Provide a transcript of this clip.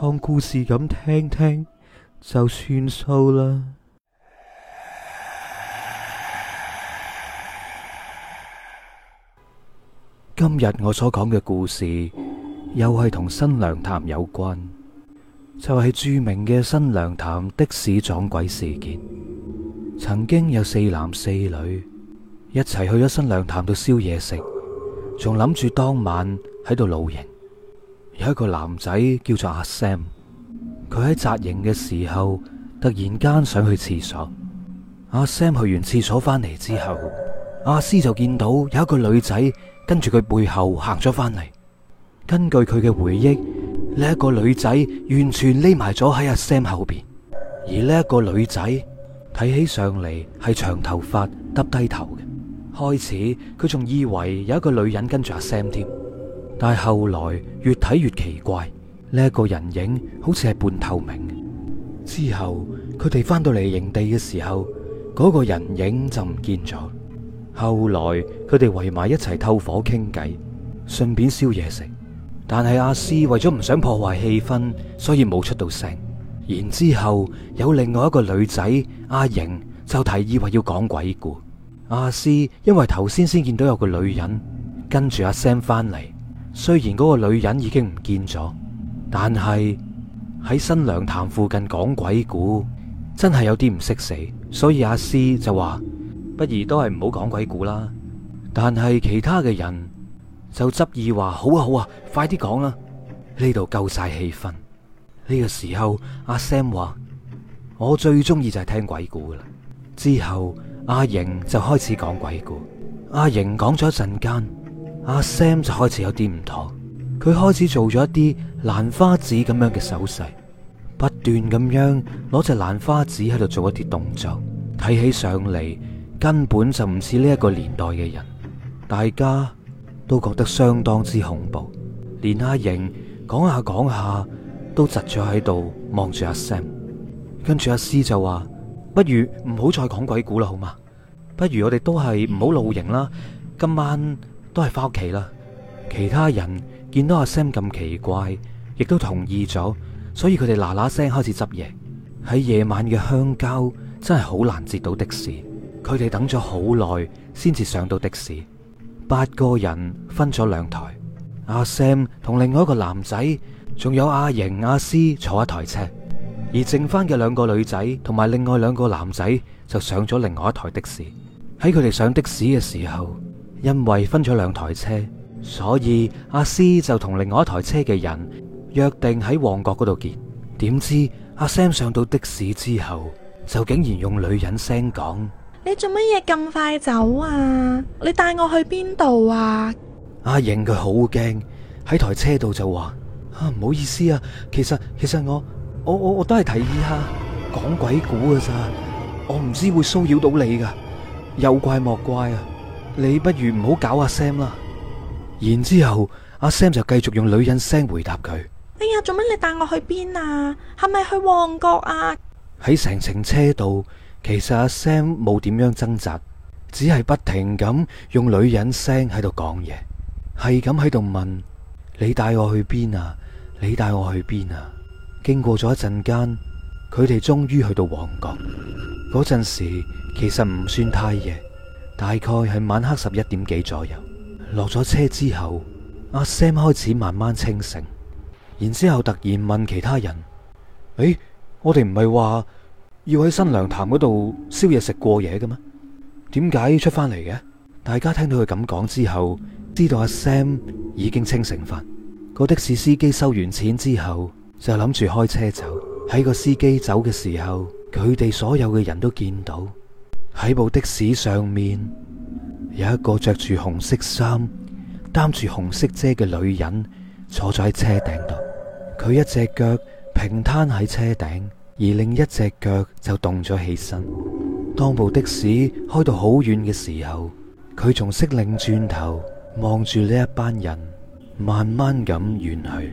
當故事咁聽聽就算數啦。今日我所講嘅故事又係同新娘潭有關，就係著名嘅新娘潭的士撞鬼事件。曾經有四男四女一齊去咗新娘潭度燒嘢食，仲諗住當晚喺度露營。有一個男仔叫做阿 Sam，佢喺紮營嘅時候突然間想去廁所。阿 Sam 去完廁所翻嚟之後，阿詩就見到有一個女仔跟住佢背後行咗翻嚟。根據佢嘅回憶，呢一個女仔完全匿埋咗喺阿 Sam 後邊。而呢一個女仔睇起上嚟係長頭髮、耷低頭嘅。開始佢仲以為有一個女人跟住阿 Sam 添，但係後來越睇越奇怪，呢一個人影好似係半透明。之後佢哋翻到嚟營地嘅時候，嗰個人影就唔見咗。後來佢哋圍埋一齊透火傾偈，順便燒嘢食。但係阿詩為咗唔想破壞氣氛，所以冇出到聲。然之後有另外一個女仔阿瑩就提議話要講鬼故。阿詩因為頭先先見到有個女人跟住阿 Sam 翻嚟。雖然嗰個女人已經唔見咗，但係喺新娘潭附近講鬼故真係有啲唔識死，所以阿師就話：不如都係唔好講鬼故啦。但係其他嘅人就執意話：好啊好啊，快啲講啦！呢度夠晒氣氛。呢個時候，阿 Sam 話：我最中意就係聽鬼故啦。之後阿瑩就開始講鬼故。阿瑩講咗一陣間。阿 Sam 就開始有啲唔妥，佢開始做咗一啲蘭花指咁樣嘅手勢，不斷咁樣攞隻蘭花指喺度做一啲動作，睇起上嚟根本就唔似呢一個年代嘅人，大家都覺得相當之恐怖。連阿瑩講下講下，講下都窒咗喺度望住阿 Sam，跟住阿師就話，不如唔好再講鬼故啦，好嘛？不如我哋都係唔好露營啦，今晚。都係翻屋企啦。其他人見到阿 Sam 咁奇怪，亦都同意咗，所以佢哋嗱嗱聲開始執嘢。喺夜晚嘅鄉郊真係好難截到的士，佢哋等咗好耐先至上到的士。八個人分咗兩台，阿 Sam 同另外一個男仔，仲有阿瑩、阿思坐一台車，而剩翻嘅兩個女仔同埋另外兩個男仔就上咗另外一台的士。喺佢哋上的士嘅時候，因為分咗兩台車，所以阿斯就同另外一台車嘅人約定喺旺角嗰度見。點知阿 Sam 上到的士之後，就竟然用女人聲講：你做乜嘢咁快走啊？你帶我去邊度啊？阿、啊、瑩佢好驚，喺台車度就話：啊唔好意思啊，其實其實我我我我都係提議吓講鬼故噶咋，我唔知會騷擾到你噶，有怪莫怪啊！你不如唔好搞阿 Sam 啦。然之後阿 Sam 就繼續用女人聲回答佢：「哎呀，做乜你帶我去邊啊？係咪去旺角啊？」喺成程車度，其實阿 Sam 冇點樣掙扎，只係不停咁用女人聲喺度講嘢，係咁喺度問：「你帶我去邊啊？你帶我去邊啊？」經過咗一陣間，佢哋終於去到旺角。嗰陣時其實唔算太夜。大概係晚黑十一點幾左右，落咗車之後，阿 Sam 開始慢慢清醒，然之後突然問其他人：誒、哎，我哋唔係話要喺新娘潭嗰度宵夜食過夜嘅咩？點解出翻嚟嘅？大家聽到佢咁講之後，知道阿 Sam 已經清醒翻。個的士司機收完錢之後，就諗住開車走。喺個司機走嘅時候，佢哋所有嘅人都見到。喺部的士上面，有一個着住紅色衫、擔住紅色遮嘅女人，坐在車頂度。佢一隻腳平攤喺車頂，而另一隻腳就動咗起身。當部的士開到好遠嘅時候，佢仲識得轉頭望住呢一班人，慢慢咁遠去。